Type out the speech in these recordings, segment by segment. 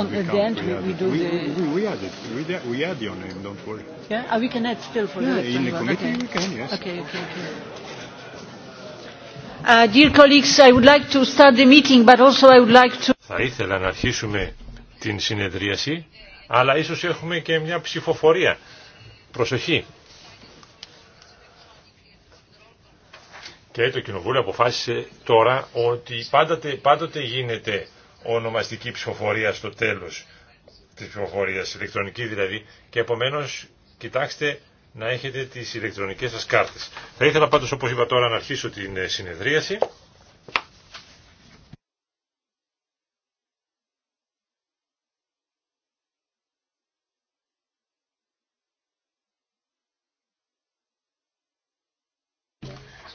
on at the end we, we do the. We, we, add it. We, we add your name. Don't worry. Yeah, uh, we can add still for the. In the committee we can. Yes. Okay. Okay. okay. Θα ήθελα να αρχίσουμε την συνεδρίαση, αλλά ίσως έχουμε και μια ψηφοφορία. Προσοχή. Και το Κοινοβούλιο αποφάσισε τώρα ότι πάντοτε, πάντοτε γίνεται ονομαστική ψηφοφορία στο τέλος της ψηφοφορίας, ηλεκτρονική δηλαδή, και επομένως κοιτάξτε να έχετε τις ηλεκτρονικές σας κάρτες. Θα ήθελα πάντως όπως είπα τώρα να αρχίσω την ε, συνεδρίαση.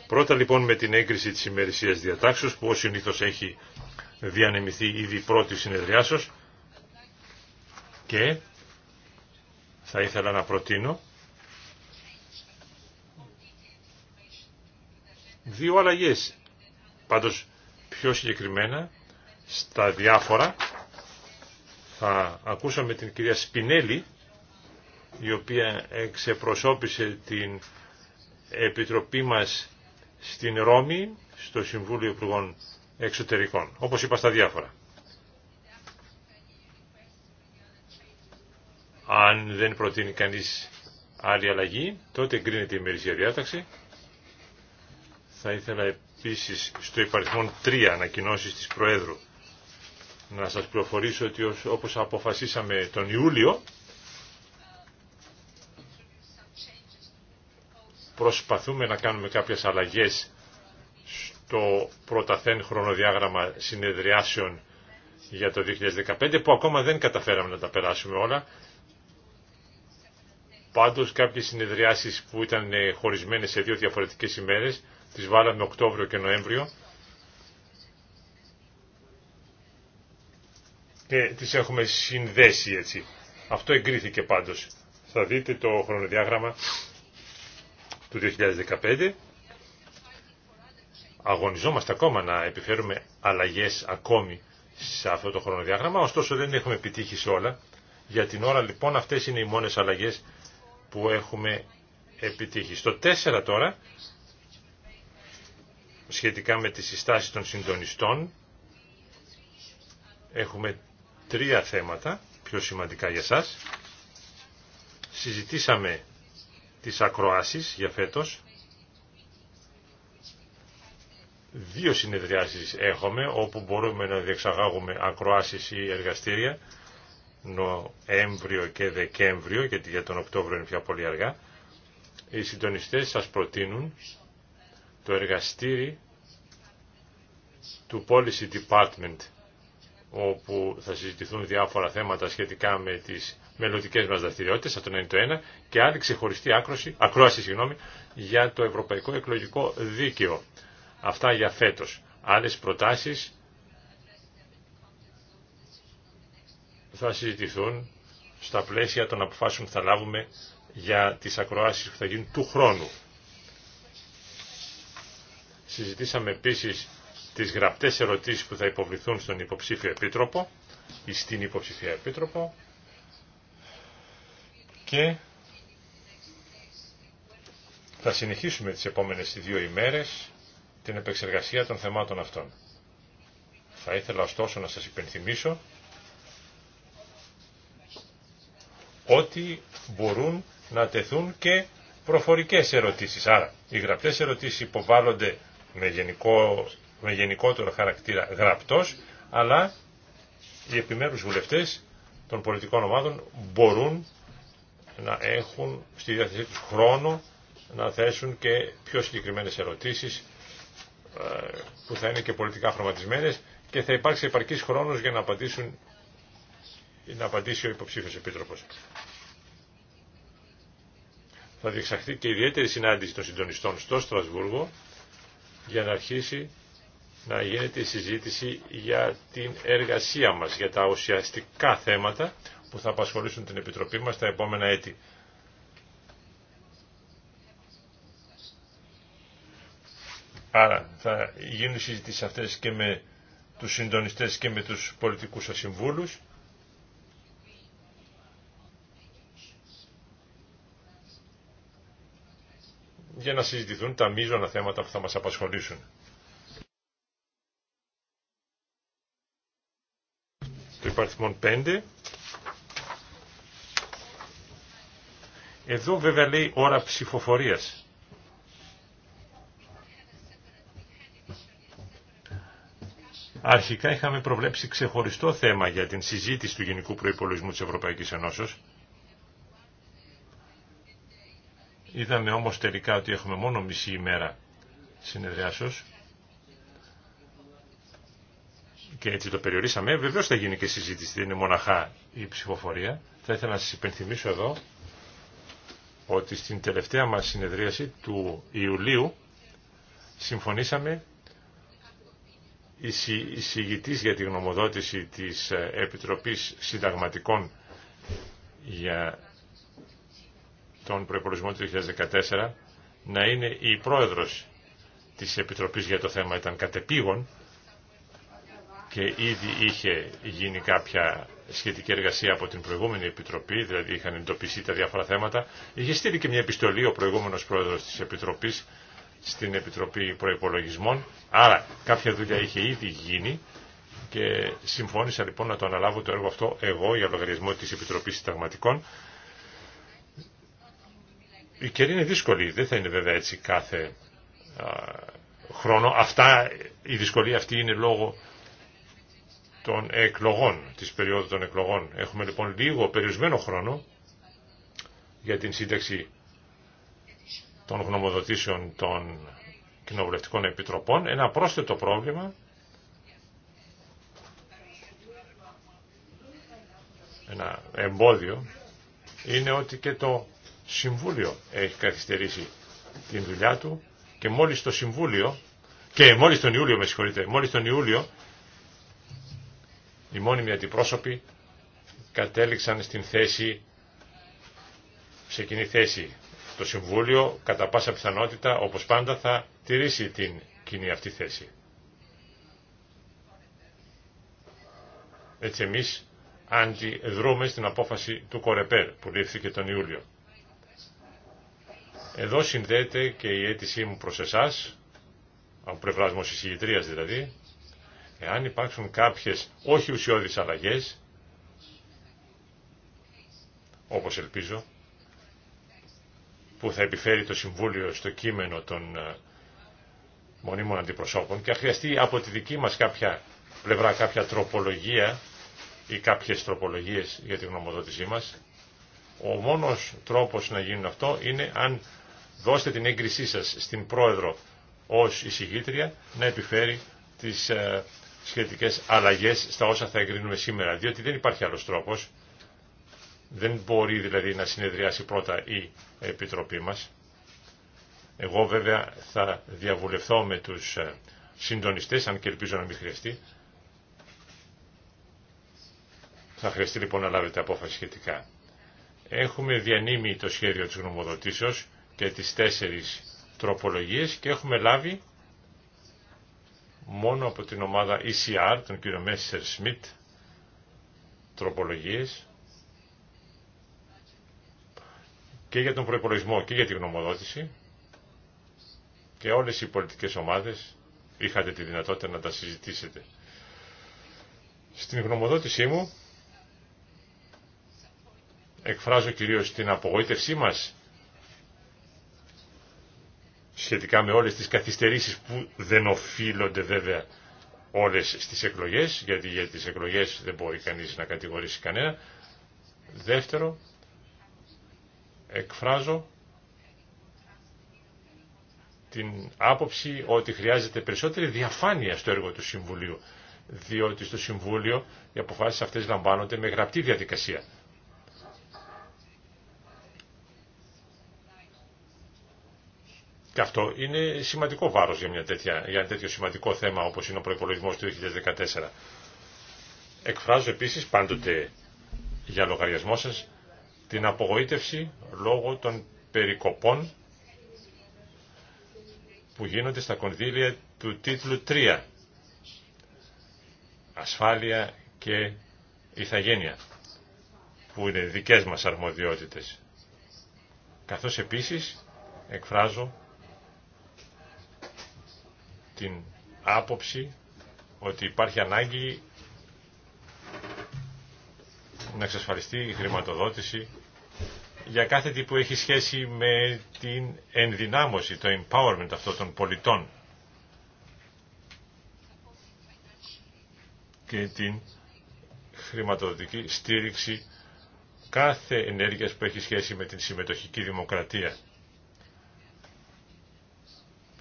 Πρώτα λοιπόν με την έγκριση της ημερησίας διατάξεως που ως συνήθως έχει διανεμηθεί ήδη πρώτη συνεδριάσεως και θα ήθελα να προτείνω δύο αλλαγές. Πάντως πιο συγκεκριμένα στα διάφορα θα ακούσαμε την κυρία Σπινέλη η οποία εξεπροσώπησε την Επιτροπή μας στην Ρώμη, στο Συμβούλιο Υπουργών εξωτερικών, όπως είπα στα διάφορα. Αν δεν προτείνει κανείς άλλη αλλαγή, τότε εγκρίνεται η ημερησία διάταξη. Θα ήθελα επίσης στο υπαριθμό 3 ανακοινώσεις της Προέδρου να σας πληροφορήσω ότι όπως αποφασίσαμε τον Ιούλιο, προσπαθούμε να κάνουμε κάποιες αλλαγές το πρωταθέν χρονοδιάγραμμα συνεδριάσεων για το 2015 που ακόμα δεν καταφέραμε να τα περάσουμε όλα. Πάντως κάποιες συνεδριάσεις που ήταν ε, χωρισμένες σε δύο διαφορετικές ημέρες τις βάλαμε Οκτώβριο και Νοέμβριο και τις έχουμε συνδέσει έτσι. Αυτό εγκρίθηκε πάντως. Θα δείτε το χρονοδιάγραμμα του 2015 αγωνιζόμαστε ακόμα να επιφέρουμε αλλαγές ακόμη σε αυτό το χρονοδιάγραμμα, ωστόσο δεν έχουμε επιτύχει σε όλα. Για την ώρα λοιπόν αυτές είναι οι μόνες αλλαγές που έχουμε επιτύχει. Στο 4 τώρα, σχετικά με τις συστάσεις των συντονιστών, έχουμε τρία θέματα πιο σημαντικά για σας. Συζητήσαμε τις ακροάσεις για φέτος, Δύο συνεδριάσεις έχουμε όπου μπορούμε να διεξαγάγουμε ακροάσεις ή εργαστήρια Νοέμβριο και Δεκέμβριο γιατί για τον Οκτώβριο είναι πια πολύ αργά. Οι συντονιστές σας προτείνουν το εργαστήρι του Policy Department όπου θα συζητηθούν διάφορα θέματα σχετικά με τις μελλοντικέ μας δραστηριότητες, αυτό είναι το ένα, και άλλη ξεχωριστή ακρόαση για το Ευρωπαϊκό Εκλογικό Δίκαιο. Αυτά για φέτος. Άλλες προτάσεις θα συζητηθούν στα πλαίσια των αποφάσεων που θα λάβουμε για τις ακροάσεις που θα γίνουν του χρόνου. Συζητήσαμε επίσης τις γραπτές ερωτήσεις που θα υποβληθούν στον υποψήφιο επίτροπο ή στην υποψηφία επίτροπο και θα συνεχίσουμε τις επόμενες δύο ημέρες την επεξεργασία των θεμάτων αυτών. Θα ήθελα ωστόσο να σας υπενθυμίσω ότι μπορούν να τεθούν και προφορικές ερωτήσεις. Άρα, οι γραπτές ερωτήσεις υποβάλλονται με, γενικό, με γενικότερο χαρακτήρα γραπτός, αλλά οι επιμέρους βουλευτές των πολιτικών ομάδων μπορούν να έχουν στη διάθεσή τους χρόνο να θέσουν και πιο συγκεκριμένες ερωτήσεις που θα είναι και πολιτικά χρωματισμένες και θα υπάρξει επαρκής χρόνος για να, απαντήσουν, να απαντήσει ο υποψήφιος επίτροπος. Θα διεξαχθεί και ιδιαίτερη συνάντηση των συντονιστών στο Στρασβούργο για να αρχίσει να γίνεται η συζήτηση για την εργασία μας, για τα ουσιαστικά θέματα που θα απασχολήσουν την Επιτροπή μας τα επόμενα έτη. Άρα θα γίνουν συζητήσεις αυτές και με τους συντονιστές και με τους πολιτικούς σας για να συζητηθούν τα μείζωνα θέματα που θα μας απασχολήσουν. Το υπαριθμόν 5. Εδώ βέβαια λέει ώρα ψηφοφορίας. Αρχικά είχαμε προβλέψει ξεχωριστό θέμα για την συζήτηση του Γενικού Προϋπολογισμού της Ευρωπαϊκής Ενώσεως. Είδαμε όμως τελικά ότι έχουμε μόνο μισή ημέρα συνεδριάσεως και έτσι το περιορίσαμε. Βεβαίω θα γίνει και συζήτηση, δεν είναι μοναχά η ψηφοφορία. Θα ήθελα να σας υπενθυμίσω εδώ ότι στην τελευταία μας συνεδρίαση του Ιουλίου συμφωνήσαμε εισηγητής για τη γνωμοδότηση της ε, Επιτροπής Συνταγματικών για τον προπολογισμό του 2014 να είναι η πρόεδρος της Επιτροπής για το θέμα ήταν κατεπήγον και ήδη είχε γίνει κάποια σχετική εργασία από την προηγούμενη Επιτροπή, δηλαδή είχαν εντοπιστεί τα διάφορα θέματα. Είχε στείλει και μια επιστολή ο προηγούμενος πρόεδρος της Επιτροπής στην Επιτροπή Προϋπολογισμών. Άρα κάποια δουλειά είχε ήδη γίνει και συμφώνησα λοιπόν να το αναλάβω το έργο αυτό εγώ για λογαριασμό της Επιτροπής Συνταγματικών. Η καιρή είναι δύσκολη, δεν θα είναι βέβαια έτσι κάθε χρόνο. Αυτά, η δυσκολία αυτή είναι λόγω των εκλογών, της περίοδου των εκλογών. Έχουμε λοιπόν λίγο περιορισμένο χρόνο για την σύνταξη των γνωμοδοτήσεων των κοινοβουλευτικών επιτροπών, ένα πρόσθετο πρόβλημα ένα εμπόδιο είναι ότι και το Συμβούλιο έχει καθυστερήσει την δουλειά του και μόλις το Συμβούλιο και μόλις τον Ιούλιο με συγχωρείτε, μόλις τον Ιούλιο οι μόνιμοι αντιπρόσωποι κατέληξαν στην θέση σε κοινή θέση το Συμβούλιο κατά πάσα πιθανότητα όπως πάντα θα τηρήσει την κοινή αυτή θέση. Έτσι εμείς αντιδρούμε στην απόφαση του Κορεπέρ που λήφθηκε τον Ιούλιο. Εδώ συνδέεται και η αίτησή μου προς εσάς, από πλευράς μου εισηγητρίας δηλαδή, εάν υπάρξουν κάποιες όχι ουσιώδεις αλλαγές, όπως ελπίζω, που θα επιφέρει το Συμβούλιο στο κείμενο των ε, μονίμων αντιπροσώπων και αν χρειαστεί από τη δική μας κάποια πλευρά κάποια τροπολογία ή κάποιες τροπολογίες για τη γνωμοδότησή μας, ο μόνος τρόπος να γίνει αυτό είναι αν δώσετε την έγκρισή σας στην πρόεδρο ως εισηγήτρια να επιφέρει τις ε, σχετικές αλλαγές στα όσα θα εγκρίνουμε σήμερα, διότι δεν υπάρχει άλλος τρόπος. Δεν μπορεί δηλαδή να συνεδριάσει πρώτα η Επιτροπή μας. Εγώ βέβαια θα διαβουλευθώ με τους ε, συντονιστές, αν και ελπίζω να μην χρειαστεί. Θα χρειαστεί λοιπόν να λάβετε απόφαση σχετικά. Έχουμε διανύμει το σχέδιο της γνωμοδοτήσεως και τις τέσσερις τροπολογίες και έχουμε λάβει μόνο από την ομάδα ECR, τον κύριο Μέσσερ Σμιτ, τροπολογίες και για τον προπολογισμό και για την γνωμοδότηση και όλες οι πολιτικές ομάδες είχατε τη δυνατότητα να τα συζητήσετε. Στην γνωμοδότησή μου εκφράζω κυρίως την απογοήτευσή μας σχετικά με όλες τις καθυστερήσεις που δεν οφείλονται βέβαια όλες στις εκλογές, γιατί για τις εκλογές δεν μπορεί κανείς να κατηγορήσει κανένα. Δεύτερο, εκφράζω την άποψη ότι χρειάζεται περισσότερη διαφάνεια στο έργο του Συμβουλίου, διότι στο Συμβούλιο οι αποφάσεις αυτές λαμβάνονται με γραπτή διαδικασία. Και αυτό είναι σημαντικό βάρος για, μια τέτοια, για ένα τέτοιο σημαντικό θέμα όπως είναι ο προϋπολογισμός του 2014. Εκφράζω επίσης πάντοτε για λογαριασμό σας την απογοήτευση λόγω των περικοπών που γίνονται στα κονδύλια του τίτλου 3 ασφάλεια και ηθαγένεια που είναι δικές μας αρμοδιότητες καθώς επίσης εκφράζω την άποψη ότι υπάρχει ανάγκη να εξασφαλιστεί η χρηματοδότηση για κάθε τι που έχει σχέση με την ενδυνάμωση, το empowerment αυτών των πολιτών και την χρηματοδοτική στήριξη κάθε ενέργειας που έχει σχέση με την συμμετοχική δημοκρατία.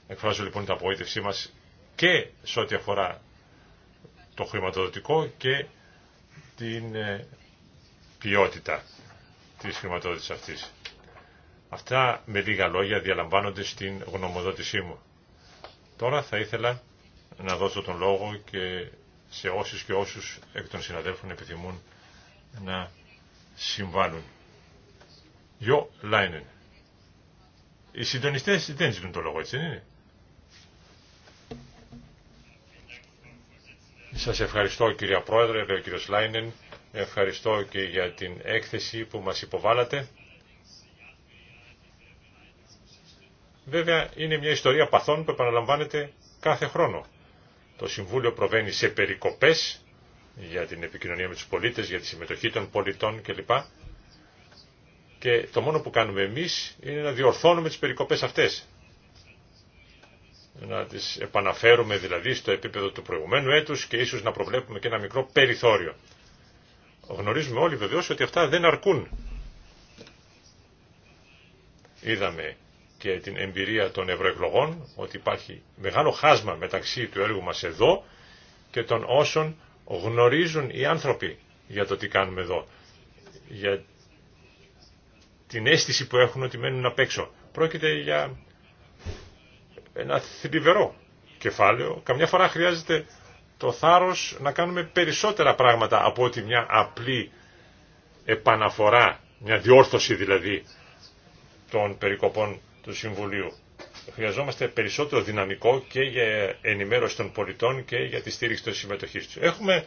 Εκφράζω λοιπόν την απογοήτευσή μας και σε ό,τι αφορά το χρηματοδοτικό και την ε, ποιότητα της χρηματοδότησης αυτής. Αυτά με λίγα λόγια διαλαμβάνονται στην γνωμοδότησή μου. Τώρα θα ήθελα να δώσω τον λόγο και σε όσους και όσους εκ των συναδέλφων επιθυμούν να συμβάλλουν. Γιο Λάινεν. Οι συντονιστές δεν ζητούν τον λόγο, έτσι δεν είναι. Σας ευχαριστώ κυρία Πρόεδρε, λέει κύριος Λάινεν. Ευχαριστώ και για την έκθεση που μας υποβάλατε. Βέβαια, είναι μια ιστορία παθών που επαναλαμβάνεται κάθε χρόνο. Το Συμβούλιο προβαίνει σε περικοπές για την επικοινωνία με τους πολίτες, για τη συμμετοχή των πολιτών κλπ. Και το μόνο που κάνουμε εμείς είναι να διορθώνουμε τις περικοπές αυτές. Να τις επαναφέρουμε δηλαδή στο επίπεδο του προηγουμένου έτους και ίσως να προβλέπουμε και ένα μικρό περιθώριο. Γνωρίζουμε όλοι βεβαίω ότι αυτά δεν αρκούν. Είδαμε και την εμπειρία των ευρωεκλογών ότι υπάρχει μεγάλο χάσμα μεταξύ του έργου μας εδώ και των όσων γνωρίζουν οι άνθρωποι για το τι κάνουμε εδώ. Για την αίσθηση που έχουν ότι μένουν απ' έξω. Πρόκειται για ένα θλιβερό κεφάλαιο. Καμιά φορά χρειάζεται το θάρρος να κάνουμε περισσότερα πράγματα από ότι μια απλή επαναφορά, μια διόρθωση δηλαδή των περικοπών του Συμβουλίου. Χρειαζόμαστε περισσότερο δυναμικό και για ενημέρωση των πολιτών και για τη στήριξη των συμμετοχής τους. Έχουμε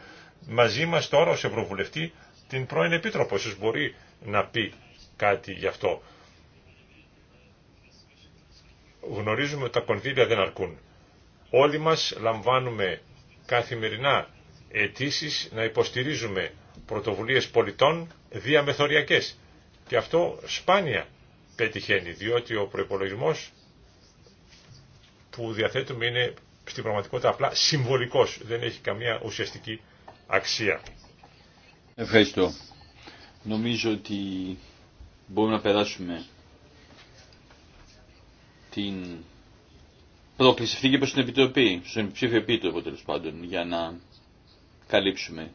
μαζί μας τώρα ως Ευρωβουλευτή την πρώην Επίτροπο, ίσως μπορεί να πει κάτι γι' αυτό. Γνωρίζουμε ότι τα κονδύλια δεν αρκούν. Όλοι μας λαμβάνουμε καθημερινά αιτήσει να υποστηρίζουμε πρωτοβουλίες πολιτών διαμεθοριακές. Και αυτό σπάνια πετυχαίνει, διότι ο προπολογισμό που διαθέτουμε είναι στην πραγματικότητα απλά συμβολικός, δεν έχει καμία ουσιαστική αξία. Ευχαριστώ. Νομίζω ότι μπορούμε να περάσουμε την πρόκληση αυτή και προς την Επιτροπή, στον ψήφιο επίτροπο τέλο πάντων, για να καλύψουμε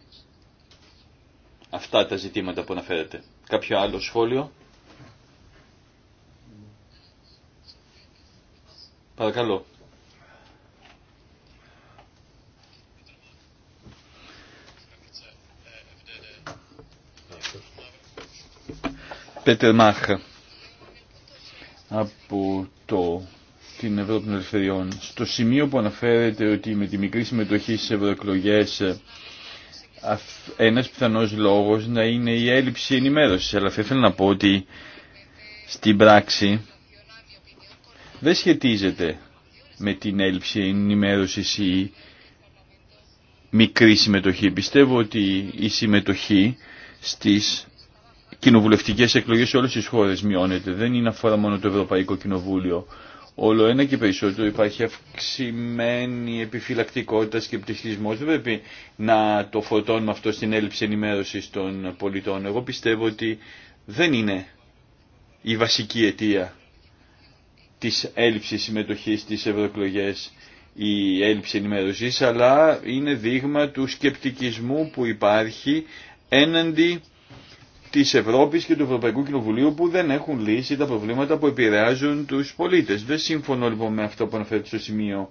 αυτά τα ζητήματα που αναφέρεται. Κάποιο άλλο σχόλιο. Παρακαλώ. Πέτερ Μάχ από το στην Ευρώπη των Ελευθεριών. Στο σημείο που αναφέρεται ότι με τη μικρή συμμετοχή στι ευρωεκλογέ ε, ένας πιθανός λόγος να είναι η έλλειψη ενημέρωσης. Αλλά θα ήθελα να πω ότι στην πράξη δεν σχετίζεται με την έλλειψη ενημέρωσης ή μικρή συμμετοχή. Πιστεύω ότι η συμμετοχή στις κοινοβουλευτικές εκλογές σε όλες τις χώρες μειώνεται. Δεν είναι αφορά μόνο το Ευρωπαϊκό Κοινοβούλιο όλο ένα και περισσότερο υπάρχει αυξημένη επιφυλακτικότητα, σκεπτικισμό. Δεν πρέπει να το φορτώνουμε αυτό στην έλλειψη ενημέρωση των πολιτών. Εγώ πιστεύω ότι δεν είναι η βασική αιτία της έλλειψης συμμετοχής στις ευρωεκλογέ η έλλειψη ενημέρωσης, αλλά είναι δείγμα του σκεπτικισμού που υπάρχει έναντι της Ευρώπης και του Ευρωπαϊκού Κοινοβουλίου που δεν έχουν λύσει τα προβλήματα που επηρεάζουν τους πολίτες. Δεν σύμφωνο λοιπόν με αυτό που αναφέρεται στο σημείο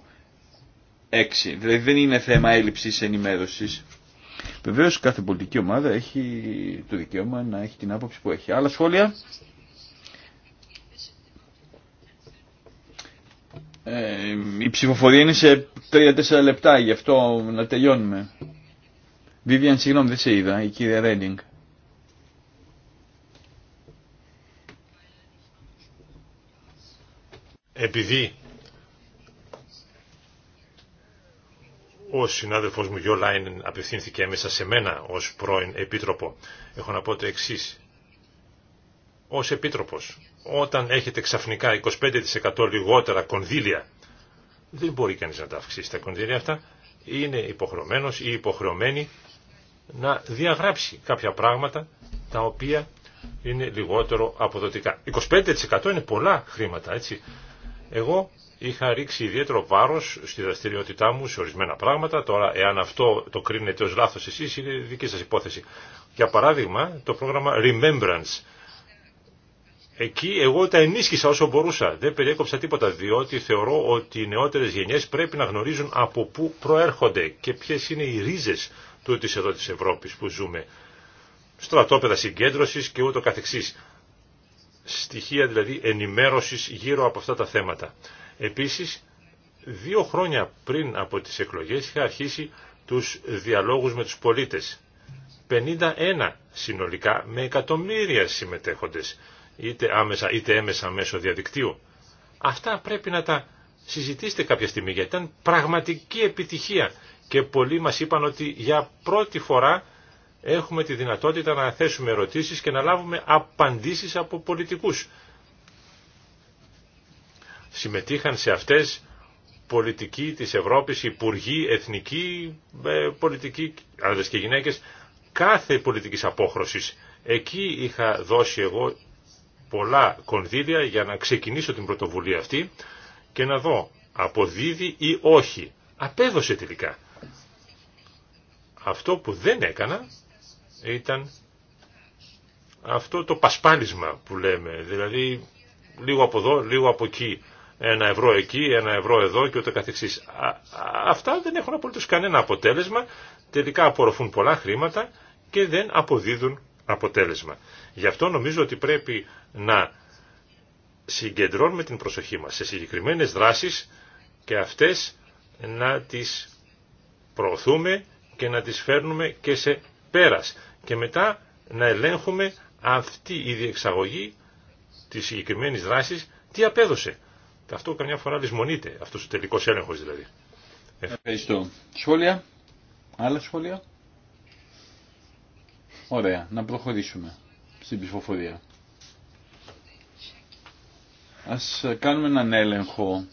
6. Δηλαδή δεν είναι θέμα έλλειψης ενημέρωσης. Βεβαίω κάθε πολιτική ομάδα έχει το δικαίωμα να έχει την άποψη που έχει. Άλλα σχόλια. Ε, η ψηφοφορία είναι σε 3-4 λεπτά, γι' αυτό να τελειώνουμε. Βίβιαν, συγγνώμη, δεν σε είδα, η κυρία Ρέντινγκ. επειδή ο συνάδελφός μου Γιώ Λάινεν απευθύνθηκε μέσα σε μένα ως πρώην επίτροπο. Έχω να πω το εξή. Ως επίτροπος, όταν έχετε ξαφνικά 25% λιγότερα κονδύλια, δεν μπορεί κανείς να τα αυξήσει τα κονδύλια αυτά, είναι υποχρεωμένος ή υποχρεωμένη να διαγράψει κάποια πράγματα τα οποία είναι λιγότερο αποδοτικά. 25% είναι πολλά χρήματα, έτσι. Εγώ είχα ρίξει ιδιαίτερο βάρος στη δραστηριότητά μου σε ορισμένα πράγματα. Τώρα, εάν αυτό το κρίνετε ως λάθος εσεί είναι δική σα υπόθεση. Για παράδειγμα, το πρόγραμμα Remembrance. Εκεί εγώ τα ενίσχυσα όσο μπορούσα. Δεν περιέκοψα τίποτα, διότι θεωρώ ότι οι νεότερες γενιές πρέπει να γνωρίζουν από πού προέρχονται και ποιε είναι οι ρίζε του τη εδώ Ευρώπης που ζούμε. Στρατόπεδα συγκέντρωση και ούτω καθεξής στοιχεία δηλαδή ενημέρωσης γύρω από αυτά τα θέματα. Επίσης, δύο χρόνια πριν από τις εκλογές είχα αρχίσει τους διαλόγους με τους πολίτες. 51 συνολικά με εκατομμύρια συμμετέχοντες, είτε άμεσα είτε έμεσα μέσω διαδικτύου. Αυτά πρέπει να τα συζητήσετε κάποια στιγμή, γιατί ήταν πραγματική επιτυχία και πολλοί μας είπαν ότι για πρώτη φορά έχουμε τη δυνατότητα να θέσουμε ερωτήσεις και να λάβουμε απαντήσεις από πολιτικούς. Συμμετείχαν σε αυτές πολιτικοί της Ευρώπης, υπουργοί, εθνικοί, ε, πολιτικοί, άνδρες και γυναίκες, κάθε πολιτικής απόχρωσης. Εκεί είχα δώσει εγώ πολλά κονδύλια για να ξεκινήσω την πρωτοβουλία αυτή και να δω αποδίδει ή όχι. Απέδωσε τελικά. Αυτό που δεν έκανα ήταν αυτό το πασπάλισμα που λέμε, δηλαδή λίγο από εδώ, λίγο από εκεί, ένα ευρώ εκεί, ένα ευρώ εδώ και ούτε καθεξής. αυτά δεν έχουν απολύτως κανένα αποτέλεσμα, τελικά απορροφούν πολλά χρήματα και δεν αποδίδουν αποτέλεσμα. Γι' αυτό νομίζω ότι πρέπει να συγκεντρώνουμε την προσοχή μας σε συγκεκριμένες δράσεις και αυτές να τις προωθούμε και να τις φέρνουμε και σε πέρας και μετά να ελέγχουμε αυτή η διεξαγωγή τη συγκεκριμένη δράση τι απέδωσε. Αυτό καμιά φορά δυσμονείται, αυτό ο τελικό έλεγχο δηλαδή. Ευχαριστώ. Σχόλια, άλλα σχόλια. Ωραία, να προχωρήσουμε στην ψηφοφορία. Ας κάνουμε έναν έλεγχο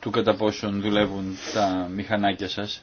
του κατά πόσον δουλεύουν τα μηχανάκια σας.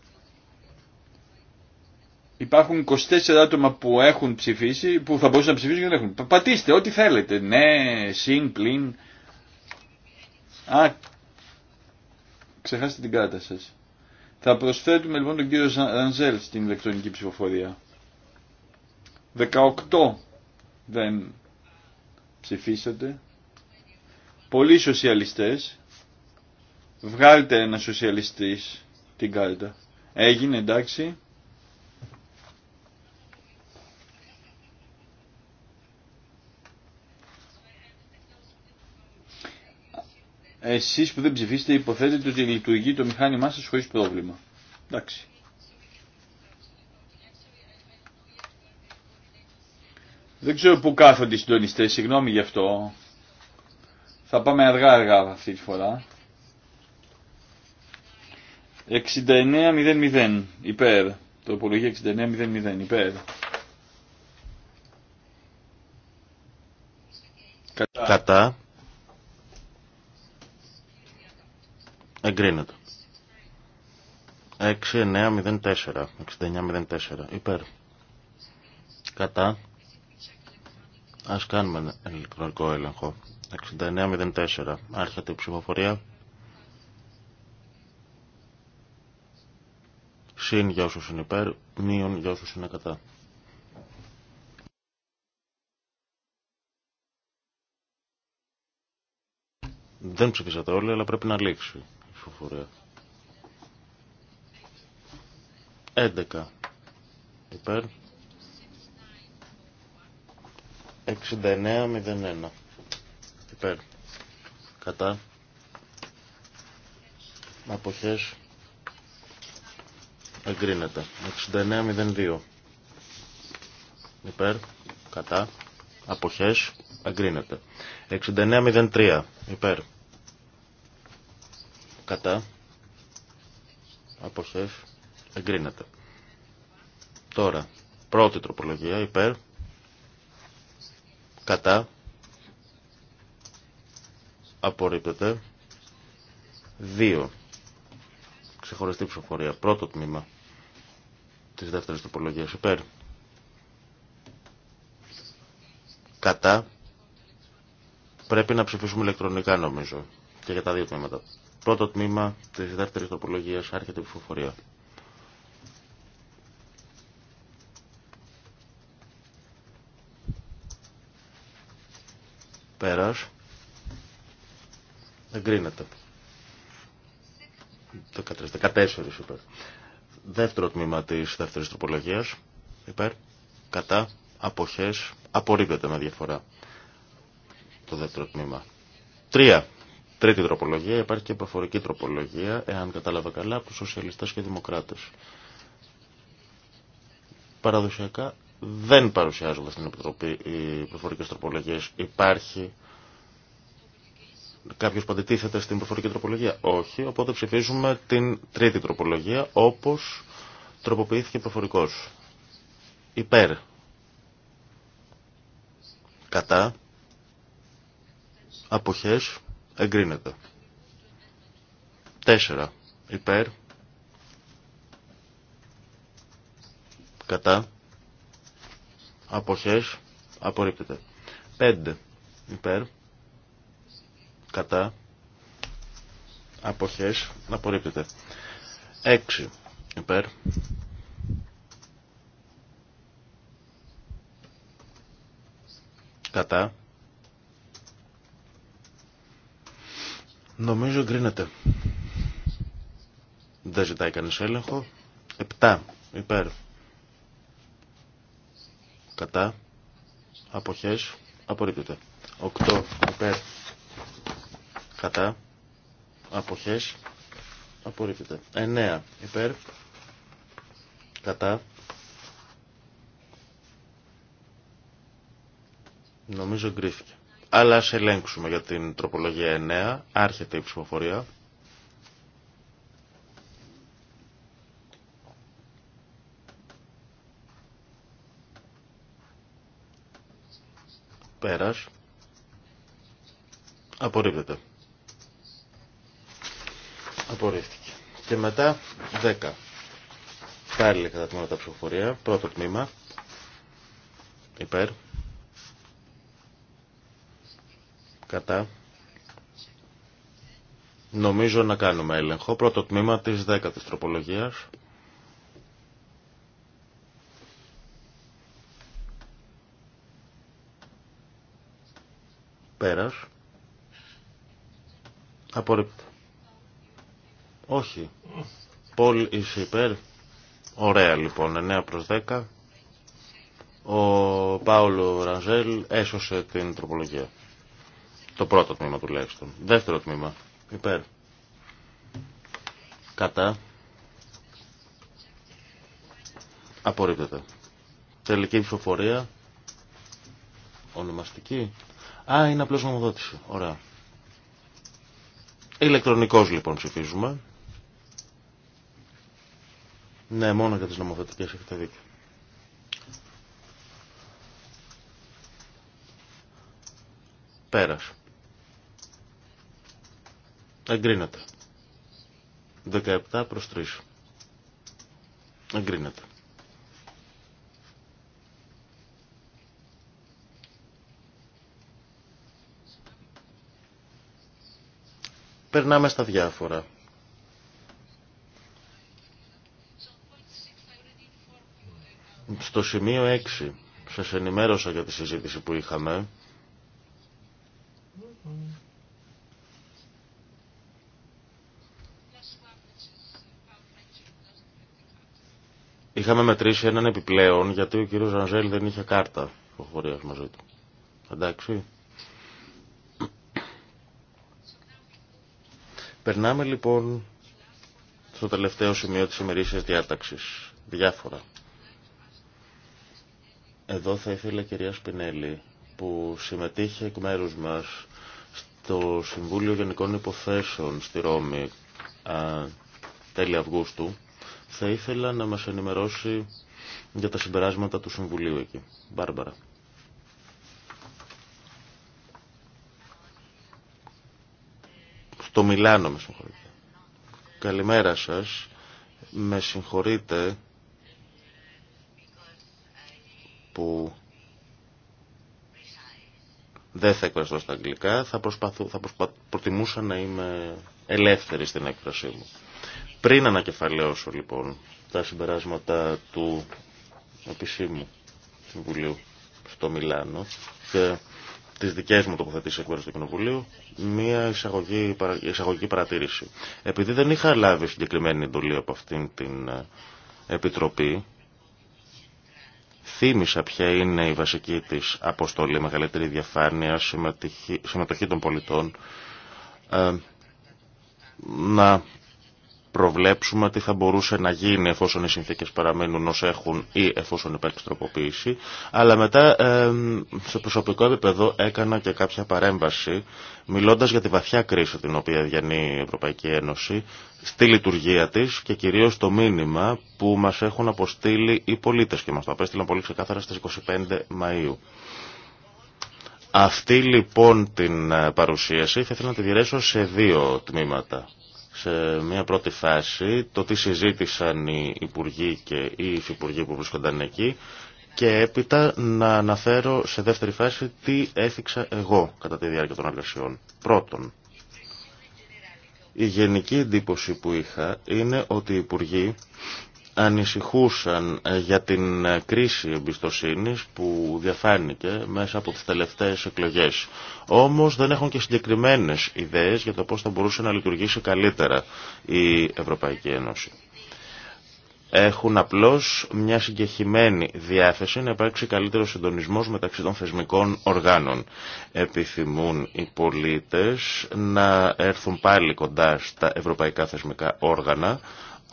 Υπάρχουν 24 άτομα που έχουν ψηφίσει, που θα μπορούσαν να ψηφίσουν και δεν έχουν. Πατήστε ό,τι θέλετε. Ναι, συν, πλην. Α, ξεχάσετε την κάρτα σας. Θα προσθέτουμε λοιπόν τον κύριο Ρανζέλ στην ηλεκτρονική ψηφοφορία. 18 δεν ψηφίσατε. Πολλοί σοσιαλιστές. Βγάλτε ένα σοσιαλιστής την κάρτα. Έγινε εντάξει. Εσεί που δεν ψηφίσετε υποθέτετε ότι λειτουργεί το μηχάνημά σα χωρί πρόβλημα. Εντάξει. Δεν ξέρω πού κάθονται οι συντονιστέ, συγγνώμη γι' αυτό. Θα πάμε αργά αργά αυτή τη φορά. 69.00 υπέρ. Τροπολογία 69.00 υπέρ. Κατά. Κατά. Εγκρίνεται. 6904. 6904. Υπέρ. Κατά. Ας κάνουμε ένα ηλεκτρονικό έλεγχο. 6904. Άρχεται η ψηφοφορία. Συν για όσους είναι υπέρ, μείον για όσους είναι κατά. Δεν ψηφίσατε όλοι, αλλά πρέπει να λήξει ψηφοφορία. 11 υπέρ 69-01 υπέρ κατά αποχές εγκρίνεται υπέρ κατά αποχές εγκρίνεται 69-03 υπέρ Κατά. σεφ Εγκρίνεται. Τώρα. Πρώτη τροπολογία. Υπέρ. Κατά. Απορρίπτεται. Δύο. Ξεχωριστή ψηφοφορία. Πρώτο τμήμα της δεύτερης τροπολογίας. Υπέρ. Κατά. Πρέπει να ψηφίσουμε ηλεκτρονικά νομίζω. Και για τα δύο τμήματα. Πρώτο τμήμα τη δεύτερη τροπολογίας άρχεται η ψηφοφορία. Πέρα. Εγκρίνεται. 14 υπέρ. Δεύτερο τμήμα τη δεύτερη τροπολογίας. Υπέρ. Κατά. απόχέ, Απορρίπτεται με διαφορά. Το δεύτερο τμήμα. Τρία. Τρίτη τροπολογία, υπάρχει και προφορική τροπολογία, εάν κατάλαβα καλά, από και δημοκράτες. Παραδοσιακά δεν παρουσιάζονται στην Επιτροπή οι προφορικέ τροπολογίες. Υπάρχει κάποιος που αντιτίθεται στην προφορική τροπολογία. Όχι, οπότε ψηφίζουμε την τρίτη τροπολογία όπως τροποποιήθηκε προφορικός. Υπέρ. Κατά. Αποχές εγκρίνεται. 4 υπέρ, κατά, αποχές, απορρίπτεται. 5 υπέρ, κατά, αποχές, απορρίπτεται. 6 υπέρ, κατά, Νομίζω γκρίνεται. Δεν ζητάει κανεί έλεγχο. 7 υπέρ. Κατά. Αποχές. Απορρίπτεται. 8 υπέρ. Κατά. Αποχές. Απορρίπτεται. 9 υπέρ. Κατά. Νομίζω γκρίθηκε. Αλλά ας ελέγξουμε για την τροπολογία 9. Άρχεται η ψηφοφορία. Πέρας. Απορρίπτεται. Απορρίφθηκε. Και μετά 10. Πάλι κατά τμήματα ψηφοφορία. Πρώτο τμήμα. Υπέρ. Κατά. Νομίζω να κάνουμε έλεγχο. Πρώτο τμήμα της 10 τροπολογίας. Πέρας. Απορρίπτω. Όχι. Πολ είσαι υπέρ. Ωραία λοιπόν. 9 προς 10. Ο Πάολο Ραζέλ έσωσε την τροπολογία. Το πρώτο τμήμα τουλάχιστον. Δεύτερο τμήμα. Υπέρ. Κατά. Απορρίπτεται. Τελική ψηφοφορία. Ονομαστική. Α, είναι απλώς νομοδότηση. Ωραία. Ηλεκτρονικός λοιπόν ψηφίζουμε. Ναι, μόνο για τις νομοθετικές έχετε δίκιο. Πέρασε. Εγκρίνεται. 17 προς 3. Εγκρίνεται. Περνάμε στα διάφορα. Στο σημείο 6 σας ενημέρωσα για τη συζήτηση που είχαμε Είχαμε μετρήσει έναν επιπλέον γιατί ο κύριος Ρανζέλ δεν είχε κάρτα προχωρίας μαζί του. Εντάξει. Περνάμε λοιπόν στο τελευταίο σημείο της ημερήσιας διάταξης. Διάφορα. Εδώ θα ήθελα κυρία Σπινέλη που συμμετείχε εκ μέρους μας στο Συμβούλιο Γενικών Υποθέσεων στη Ρώμη α, τέλη Αυγούστου θα ήθελα να μας ενημερώσει για τα συμπεράσματα του Συμβουλίου εκεί. Μπάρμπαρα. Στο Μιλάνο, με συγχωρείτε. Καλημέρα σας. Με συγχωρείτε που δεν θα εκφραστώ στα αγγλικά. Θα, προσπαθώ, θα προσπα... προτιμούσα να είμαι ελεύθερη στην έκφρασή μου. Πριν ανακεφαλαίωσω λοιπόν τα συμπεράσματα του επισήμου Συμβουλίου στο Μιλάνο και τις δικέ μου τοποθετήσει εκ μέρους του Κοινοβουλίου, μια εισαγωγή, εισαγωγική παρατήρηση. Επειδή δεν είχα λάβει συγκεκριμένη εντολή από αυτήν την ε, επιτροπή, θύμισα ποια είναι η βασική της αποστολή, μεγαλύτερη διαφάνεια, συμμετοχή, συμμετοχή των πολιτών, ε, να προβλέψουμε τι θα μπορούσε να γίνει εφόσον οι συνθήκες παραμένουν ως έχουν ή εφόσον υπάρχει τροποποίηση. Αλλά μετά σε προσωπικό επίπεδο έκανα και κάποια παρέμβαση μιλώντας για τη βαθιά κρίση την οποία διανύει η Ευρωπαϊκή Ένωση στη λειτουργία της και κυρίως το μήνυμα που μας έχουν αποστείλει οι πολίτες και μας το απέστειλαν πολύ ξεκάθαρα στις 25 Μαΐου. Αυτή λοιπόν την παρουσίαση θα ήθελα να τη διαιρέσω σε δύο τμήματα σε μια πρώτη φάση το τι συζήτησαν οι υπουργοί και οι υφυπουργοί που βρίσκονταν εκεί και έπειτα να αναφέρω σε δεύτερη φάση τι έθιξα εγώ κατά τη διάρκεια των εργασιών. Πρώτον, η γενική εντύπωση που είχα είναι ότι οι υπουργοί ανησυχούσαν ε, για την ε, κρίση εμπιστοσύνης που διαφάνηκε μέσα από τις τελευταίες εκλογές. Όμως δεν έχουν και συγκεκριμένες ιδέες για το πώς θα μπορούσε να λειτουργήσει καλύτερα η Ευρωπαϊκή Ένωση. Έχουν απλώς μια συγκεχημένη διάθεση να υπάρξει καλύτερο συντονισμός μεταξύ των θεσμικών οργάνων. Επιθυμούν οι πολίτες να έρθουν πάλι κοντά στα ευρωπαϊκά θεσμικά όργανα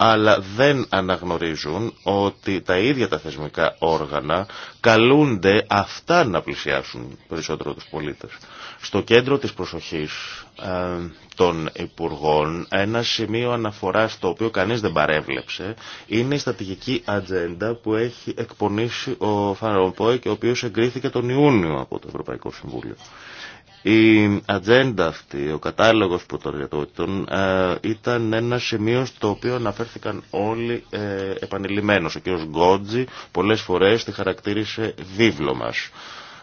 αλλά δεν αναγνωρίζουν ότι τα ίδια τα θεσμικά όργανα καλούνται αυτά να πλησιάσουν περισσότερο τους πολίτες. Στο κέντρο της προσοχής ε, των Υπουργών ένα σημείο αναφοράς το οποίο κανείς δεν παρέβλεψε είναι η στατηγική ατζέντα που έχει εκπονήσει ο Φαναρομπόε και ο οποίος εγκρίθηκε τον Ιούνιο από το Ευρωπαϊκό Συμβούλιο. Η ατζέντα αυτή, ο κατάλογος που το ε, ήταν ένα σημείο στο οποίο αναφέρθηκαν όλοι ε, επανειλημμένως. Ο κ. Γκότζη πολλές φορές τη χαρακτήρισε βίβλο μας,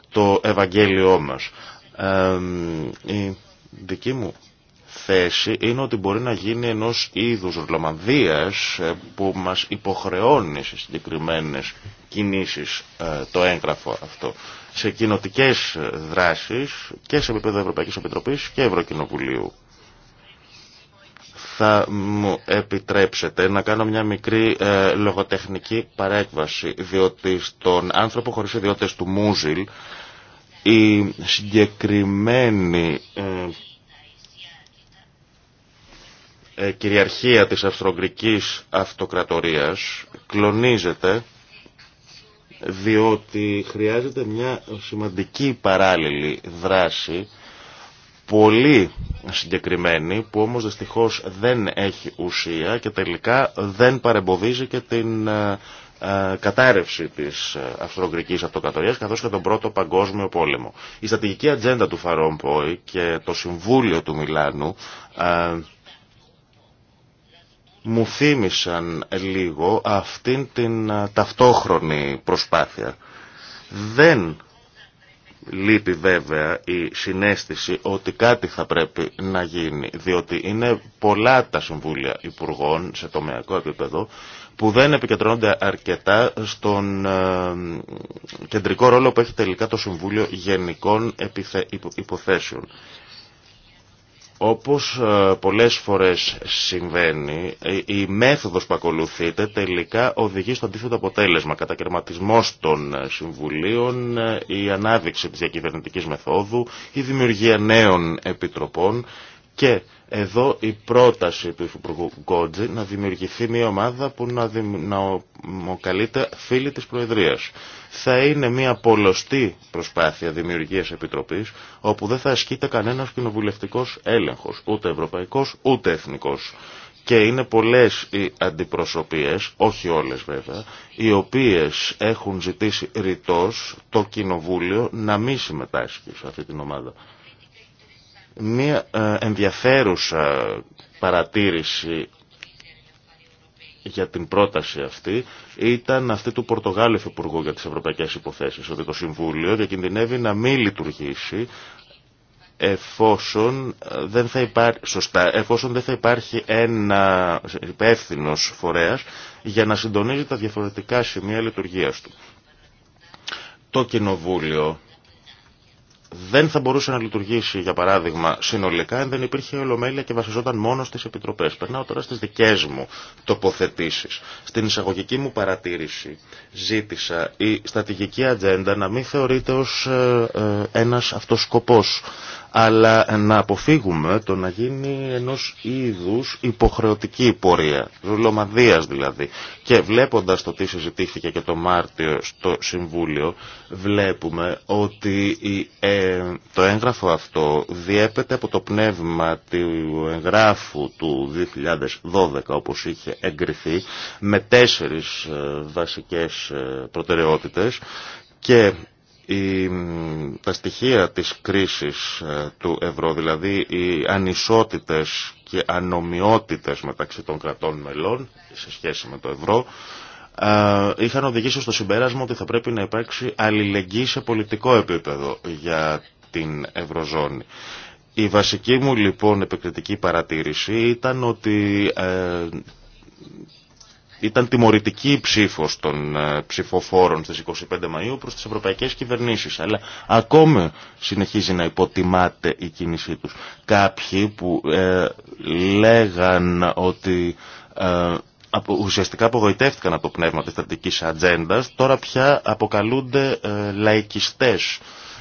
το Ευαγγέλιό μας. Ε, η δική μου θέση είναι ότι μπορεί να γίνει ενός είδους ε, που μας υποχρεώνει σε συγκεκριμένες κινήσεις ε, το έγγραφο αυτό σε κοινοτικέ δράσεις και σε επίπεδο Ευρωπαϊκής Επιτροπής και Ευρωκοινοβουλίου. Θα μου επιτρέψετε να κάνω μια μικρή ε, λογοτεχνική παρέκβαση, διότι στον άνθρωπο χωρίς ιδιότητες του Μούζιλ η συγκεκριμένη ε, κυριαρχία της Αυστρογγρικής Αυτοκρατορίας κλονίζεται διότι χρειάζεται μια σημαντική παράλληλη δράση πολύ συγκεκριμένη που όμως δυστυχώς δεν έχει ουσία και τελικά δεν παρεμποδίζει και την ε, ε, κατάρρευση της ε, Αυστρογκρικής Αυτοκατορίας καθώς και τον Πρώτο Παγκόσμιο Πόλεμο. Η στατηγική ατζέντα του Φαρόμποι και το Συμβούλιο του Μιλάνου μου θύμισαν λίγο αυτήν την ταυτόχρονη προσπάθεια. Δεν λείπει βέβαια η συνέστηση ότι κάτι θα πρέπει να γίνει, διότι είναι πολλά τα συμβούλια υπουργών σε τομεακό επίπεδο που δεν επικεντρώνονται αρκετά στον κεντρικό ρόλο που έχει τελικά το Συμβούλιο Γενικών Υποθέσεων. Όπως ε, πολλές φορές συμβαίνει, ε, η μέθοδος που ακολουθείται τελικά οδηγεί στο αντίθετο αποτέλεσμα. Κατακαιρματισμός των ε, συμβουλίων, η ανάδειξη της διακυβερνητικής μεθόδου, η δημιουργία νέων επιτροπών και εδώ η πρόταση του Υφυπουργού Γκότζη να δημιουργηθεί μια ομάδα που να, οκαλείται να φίλη της Προεδρίας. Θα είναι μια πολλωστή προσπάθεια δημιουργίας επιτροπής όπου δεν θα ασκείται κανένας κοινοβουλευτικός έλεγχος, ούτε ευρωπαϊκός ούτε εθνικός. Και είναι πολλές οι αντιπροσωπείες, όχι όλες βέβαια, οι οποίες έχουν ζητήσει ρητός το Κοινοβούλιο να μη συμμετάσχει σε αυτή την ομάδα μία ε, ενδιαφέρουσα παρατήρηση για την πρόταση αυτή ήταν αυτή του Πορτογάλου Υφυπουργού για τις Ευρωπαϊκές Υποθέσεις, ότι το Συμβούλιο διακινδυνεύει να μην λειτουργήσει εφόσον δεν θα, Σωστά, εφόσον δεν θα υπάρχει ένα υπεύθυνο φορέας για να συντονίζει τα διαφορετικά σημεία λειτουργίας του. Το Κοινοβούλιο δεν θα μπορούσε να λειτουργήσει, για παράδειγμα, συνολικά, αν δεν υπήρχε ολομέλεια και βασιζόταν μόνο στι επιτροπέ. Περνάω τώρα στι δικέ μου τοποθετήσει. Στην εισαγωγική μου παρατήρηση ζήτησα η στατηγική ατζέντα να μην θεωρείται ω ε, ε, ένα αυτό αλλά να αποφύγουμε το να γίνει ενός είδους υποχρεωτική πορεία, ρουλομαδίας δηλαδή. Και βλέποντας το τι συζητήθηκε και το Μάρτιο στο Συμβούλιο, βλέπουμε ότι ε, το έγγραφο αυτό διέπεται από το πνεύμα του εγγράφου του 2012, όπως είχε εγκριθεί, με τέσσερις ε, βασικές ε, προτεραιότητες και η, τα στοιχεία της κρίσης ε, του ευρώ, δηλαδή οι ανισότητες και ανομοιότητες μεταξύ των κρατών μελών σε σχέση με το ευρώ, ε, είχαν οδηγήσει στο συμπέρασμα ότι θα πρέπει να υπάρξει αλληλεγγύη σε πολιτικό επίπεδο για την Ευρωζώνη. Η βασική μου λοιπόν επικριτική παρατήρηση ήταν ότι ε, ήταν τιμωρητική η ψήφος των ε, ψηφοφόρων στις 25 Μαΐου προς τις ευρωπαϊκές κυβερνήσεις. Αλλά ακόμη συνεχίζει να υποτιμάται η κίνησή τους. Κάποιοι που ε, λέγαν ότι ε, ουσιαστικά απογοητεύτηκαν από το πνεύμα της στρατηγικής ατζέντα, τώρα πια αποκαλούνται ε, λαϊκιστές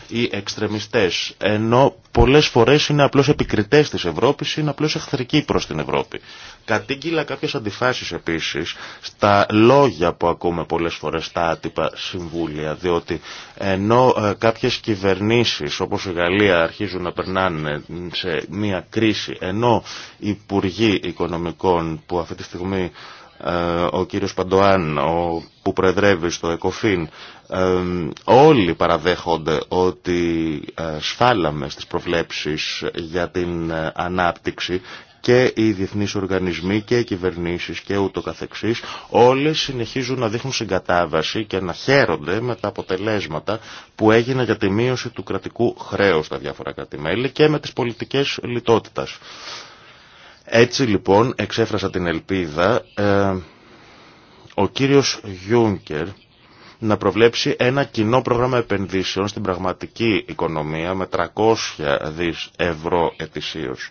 οι εξτρεμιστές, ενώ πολλές φορές είναι απλώς επικριτές της Ευρώπης, είναι απλώς εχθρικοί προς την Ευρώπη. Κατήγγειλα κάποιες αντιφάσεις επίσης στα λόγια που ακούμε πολλές φορές στα άτυπα συμβούλια, διότι ενώ ε, κάποιες κυβερνήσεις όπως η Γαλλία αρχίζουν να περνάνε σε μια κρίση, ενώ οι υπουργοί οικονομικών που αυτή τη στιγμή ο κύριος Παντοάν, ο, που προεδρεύει στο ΕΚΟΦΗΝ, όλοι παραδέχονται ότι ε, σφάλαμε στις προβλέψεις για την ε, ανάπτυξη και οι διεθνείς οργανισμοί και οι κυβερνήσεις και ούτω καθεξής, όλες συνεχίζουν να δείχνουν συγκατάβαση και να χαίρονται με τα αποτελέσματα που έγινε για τη μείωση του κρατικού χρέους στα διαφορα κρατημέλη και με τις πολιτικές λιτότητας. Έτσι λοιπόν εξέφρασα την ελπίδα ε, ο κύριος Γιούνκερ να προβλέψει ένα κοινό πρόγραμμα επενδύσεων στην πραγματική οικονομία με 300 δις ευρώ ετησίως.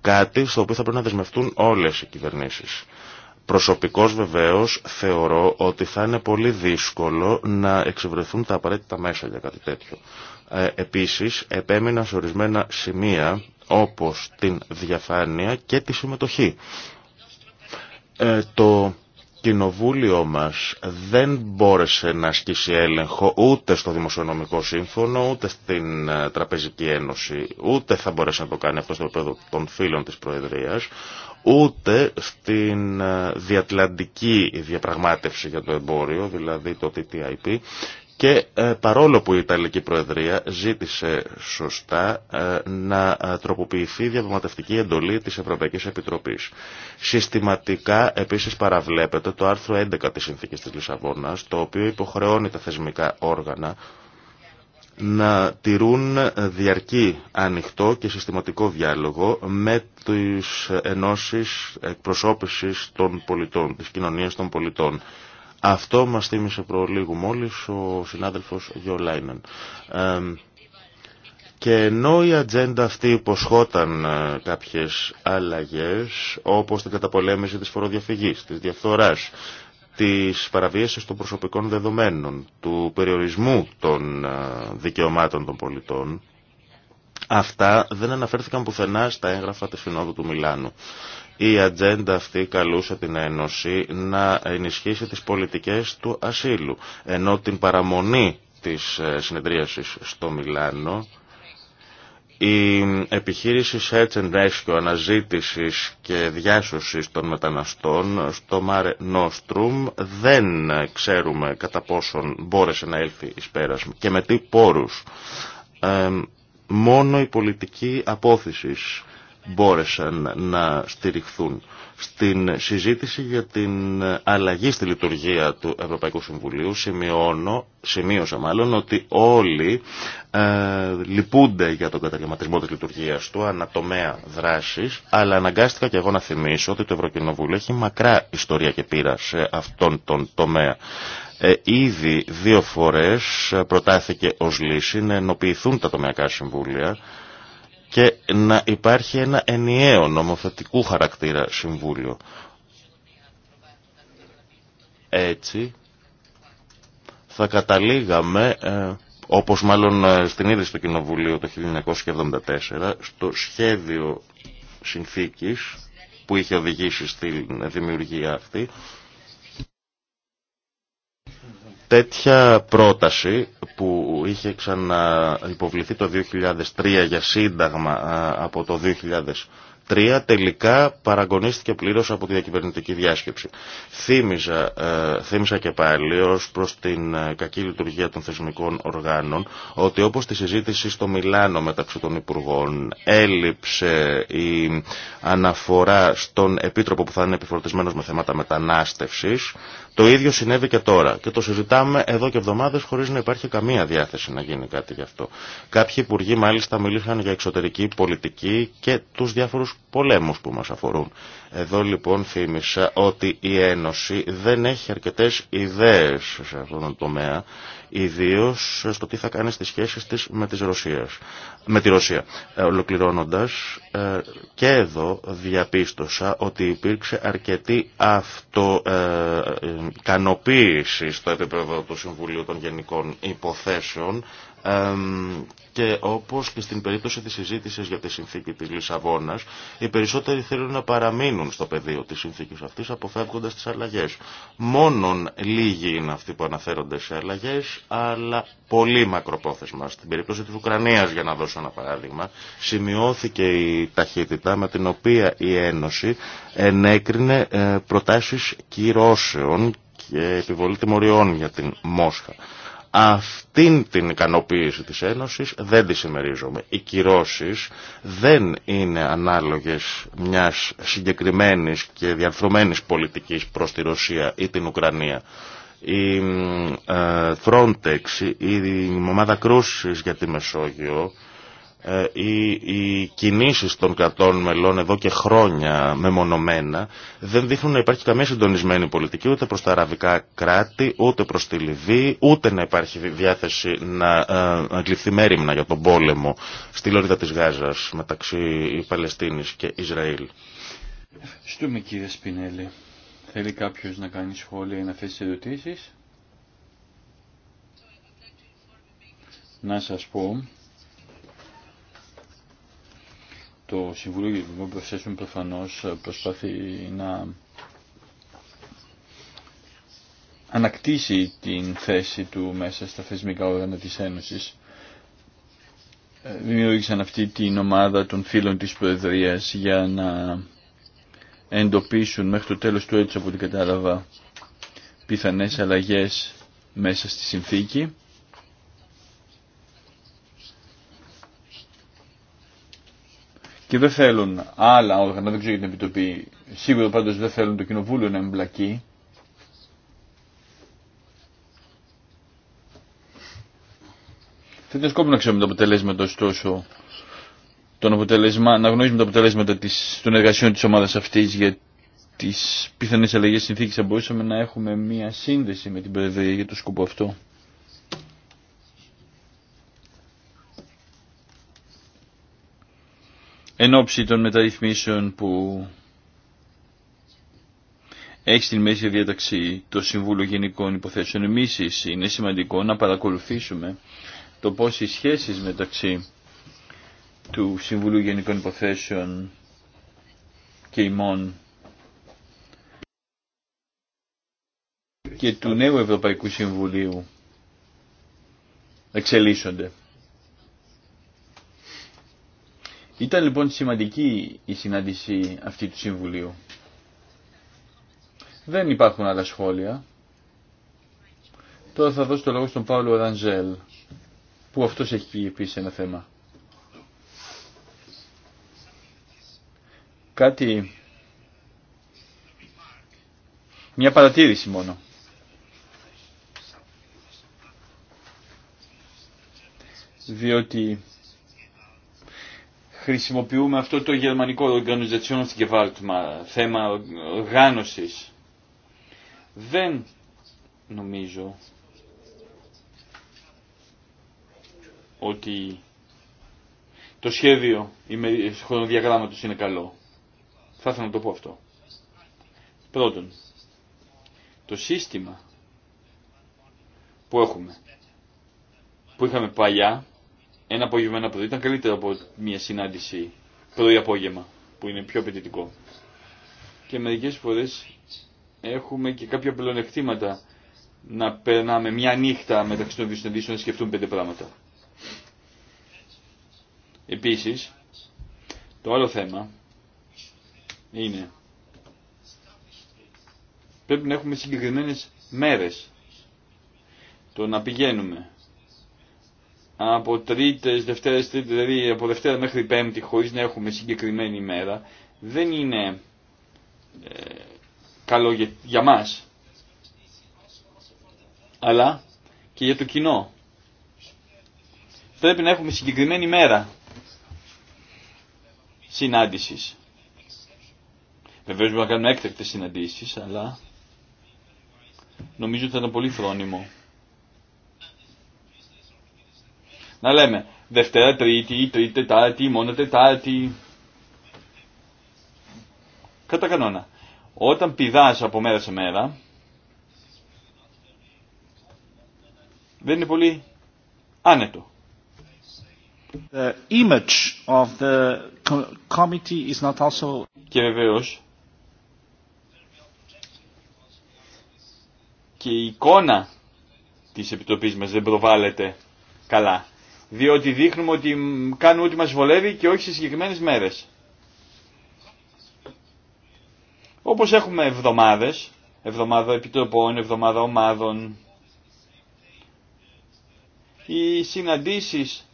Κάτι στο οποίο θα πρέπει να δεσμευτούν όλες οι κυβερνήσεις. Προσωπικώς βεβαίως θεωρώ ότι θα είναι πολύ δύσκολο να εξευρεθούν τα απαραίτητα μέσα για κάτι τέτοιο. Ε, επίσης επέμεινα σε ορισμένα σημεία όπως την διαφάνεια και τη συμμετοχή. Ε, το κοινοβούλιο μας δεν μπόρεσε να ασκήσει έλεγχο ούτε στο Δημοσιονομικό Σύμφωνο, ούτε στην ε, Τραπεζική Ένωση, ούτε θα μπορέσει να το κάνει αυτό στο επίπεδο των φίλων της Προεδρίας, ούτε στην ε, διατλαντική διαπραγμάτευση για το εμπόριο, δηλαδή το TTIP, και ε, παρόλο που η Ιταλική Προεδρία ζήτησε σωστά ε, να ε, τροποποιηθεί η διαβηματευτική εντολή της Ευρωπαϊκής Επιτροπής. Συστηματικά επίσης παραβλέπεται το άρθρο 11 της Συνθήκης της Λισαβόνας, το οποίο υποχρεώνει τα θεσμικά όργανα να τηρούν διαρκή ανοιχτό και συστηματικό διάλογο με τις ενώσεις εκπροσώπησης των πολιτών, της κοινωνίας των πολιτών. Αυτό μας θύμισε προλίγου μόλις ο συνάδελφος Γιώ Λάινεν. Και ενώ η ατζέντα αυτή υποσχόταν ε, κάποιες αλλαγές, όπως την καταπολέμηση της φοροδιαφυγής, της διαφθοράς, της παραβίασης των προσωπικών δεδομένων, του περιορισμού των ε, δικαιωμάτων των πολιτών, αυτά δεν αναφέρθηκαν πουθενά στα έγγραφα της Συνόδου του Μιλάνου. Η ατζέντα αυτή καλούσε την Ένωση να ενισχύσει τις πολιτικές του ασύλου, ενώ την παραμονή της ε, συνεδρίασης στο Μιλάνο η επιχείρηση Search and Rescue αναζήτησης και διάσωσης των μεταναστών στο Mare Nostrum δεν ξέρουμε κατά πόσον μπόρεσε να έλθει εις πέρας και με τι πόρους. Ε, μόνο η πολιτική απόθεσης μπόρεσαν να στηριχθούν. Στην συζήτηση για την αλλαγή στη λειτουργία του Ευρωπαϊκού Συμβουλίου σημειώνω, σημείωσα μάλλον ότι όλοι ε, λυπούνται για τον καταγραμματισμό της λειτουργίας του ανατομέα δράσης αλλά αναγκάστηκα και εγώ να θυμίσω ότι το Ευρωκοινοβούλιο έχει μακρά ιστορία και πείρα σε αυτόν τον τομέα. Ε, ήδη δύο φορές προτάθηκε ως λύση να ενοποιηθούν τα τομεακά συμβούλια και να υπάρχει ένα ενιαίο νομοθετικού χαρακτήρα συμβούλιο. Έτσι θα καταλήγαμε, ε, όπως μάλλον ε, στην είδη στο Κοινοβουλίο το 1974, στο σχέδιο συνθήκης που είχε οδηγήσει στη δημιουργία αυτή, τέτοια πρόταση που είχε ξαναυποβληθεί το 2003 για σύνταγμα από το 2003 τελικά παραγωνίστηκε πλήρως από τη διακυβερνητική διάσκεψη. Θύμιζα, ε, θύμισα και πάλι ως προς την ε, κακή λειτουργία των θεσμικών οργάνων ότι όπως τη συζήτηση στο Μιλάνο μεταξύ των Υπουργών έλειψε η αναφορά στον Επίτροπο που θα είναι επιφορτισμένος με θέματα μετανάστευσης το ίδιο συνέβη και τώρα και το συζητάμε εδώ και εβδομάδες χωρίς να υπάρχει καμία διάθεση να γίνει κάτι γι' αυτό. Κάποιοι υπουργοί μάλιστα μιλήσαν για εξωτερική πολιτική και τους διάφορους πολέμους που μας αφορούν. Εδώ λοιπόν θύμισα ότι η Ένωση δεν έχει αρκετές ιδέες σε αυτόν τον τομέα, ιδίως στο τι θα κάνει στις σχέσεις της με, της με τη Ρωσία. Ε, ολοκληρώνοντας, ε, και εδώ διαπίστωσα ότι υπήρξε αρκετή αυτοκανοποίηση ε, στο επίπεδο του Συμβουλίου των Γενικών Υποθέσεων και όπως και στην περίπτωση της συζήτηση για τη συνθήκη της Λισαβόνας, οι περισσότεροι θέλουν να παραμείνουν στο πεδίο της συνθήκης αυτής, αποφεύγοντας τις αλλαγές. Μόνον λίγοι είναι αυτοί που αναφέρονται σε αλλαγές, αλλά πολύ μακροπρόθεσμα. Στην περίπτωση της Ουκρανίας, για να δώσω ένα παράδειγμα, σημειώθηκε η ταχύτητα με την οποία η Ένωση ενέκρινε ε, προτάσεις κυρώσεων και επιβολή τιμωριών για την Μόσχα. Αυτήν την ικανοποίηση της Ένωσης δεν τη συμμερίζομαι. Οι κυρώσεις δεν είναι ανάλογες μιας συγκεκριμένης και διαρθρωμένης πολιτικής προς τη Ρωσία ή την Ουκρανία. Η ε, Frontex, η ομάδα κρούσης για τη Μεσόγειο ε, οι, οι κινήσεις των κρατών μελών εδώ και χρόνια μεμονωμένα δεν δείχνουν να υπάρχει καμία συντονισμένη πολιτική ούτε προς τα αραβικά κράτη, ούτε προς τη Λιβύη, ούτε να υπάρχει διάθεση να ε, αγκληφθεί μέρημνα για τον πόλεμο στη λόριδα της Γάζας μεταξύ Παλαιστίνης και Ισραήλ. Ευχαριστούμε κύριε Σπινέλη. Θέλει κάποιος να κάνει σχόλια ή να θέσει ερωτήσεις. Να σας πω το Συμβούλιο Γενικών Προθέσεων προφανώς προσπαθεί να ανακτήσει την θέση του μέσα στα θεσμικά όργανα της Ένωσης. Ε, δημιούργησαν αυτή την ομάδα των φίλων της Προεδρίας για να εντοπίσουν μέχρι το τέλος του έτους από την κατάλαβα πιθανές αλλαγές μέσα στη συνθήκη και δεν θέλουν άλλα όργανα, δεν ξέρω για την Επιτροπή, σίγουρα πάντως δεν θέλουν το Κοινοβούλιο να εμπλακεί, Θα ήταν να ξέρουμε τα αποτελέσματα ωστόσο, τον αποτελεσμα, να γνωρίζουμε τα αποτελέσματα της, των εργασιών της ομάδας αυτής για τις πιθανές αλλαγές συνθήκες θα μπορούσαμε να έχουμε μία σύνδεση με την Προεδρία για το σκοπό αυτό. εν ώψη των μεταρρυθμίσεων που έχει στην μέση διαταξή το Συμβούλιο Γενικών Υποθέσεων. Εμείς είναι σημαντικό να παρακολουθήσουμε το πώς οι σχέσεις μεταξύ του Συμβουλίου Γενικών Υποθέσεων και ημών και του νέου Ευρωπαϊκού Συμβουλίου εξελίσσονται. Ήταν λοιπόν σημαντική η συνάντηση αυτή του Συμβουλίου. Δεν υπάρχουν άλλα σχόλια. Τώρα θα δώσω το λόγο στον Παύλο Ραντζέλ, που αυτός έχει επίσης ένα θέμα. Κάτι... Μια παρατήρηση μόνο. Διότι χρησιμοποιούμε αυτό το γερμανικό οργανωζατσιόν θέμα οργάνωσης. Δεν νομίζω ότι το σχέδιο χρονοδιαγράμματος είναι καλό. Θα ήθελα να το πω αυτό. Πρώτον, το σύστημα που έχουμε, που είχαμε παλιά, ένα απόγευμα ένα πρωί ήταν καλύτερο από μια συνάντηση πρωί-απόγευμα που είναι πιο απαιτητικό. Και μερικέ φορές έχουμε και κάποια πλεονεκτήματα να περνάμε μια νύχτα μεταξύ των δύο συναντήσεων να σκεφτούμε πέντε πράγματα. Επίση, το άλλο θέμα είναι πρέπει να έχουμε συγκεκριμένες μέρες το να πηγαίνουμε από τρίτε, δευτέρε, τρίτη, δηλαδή από δευτέρα μέχρι πέμπτη χωρίς να έχουμε συγκεκριμένη ημέρα δεν είναι ε, καλό για, για μας αλλά και για το κοινό. Πρέπει να έχουμε συγκεκριμένη μέρα συνάντησης. Βεβαίως μπορούμε να κάνουμε έκτακτες συναντήσεις, αλλά νομίζω ότι θα ήταν πολύ φρόνιμο να λέμε Δευτέρα, Τρίτη, Τρίτη, Τετάρτη, μόνο Τετάρτη. Κατά κανόνα. Όταν πηδάς από μέρα σε μέρα, δεν είναι πολύ άνετο. Και βεβαίω. και η εικόνα της Επιτροπής μας δεν προβάλλεται καλά διότι δείχνουμε ότι κάνουμε ό,τι μας βολεύει και όχι σε συγκεκριμένες μέρες. Όπως έχουμε εβδομάδες, εβδομάδα επιτροπών, εβδομάδα ομάδων, οι συναντήσεις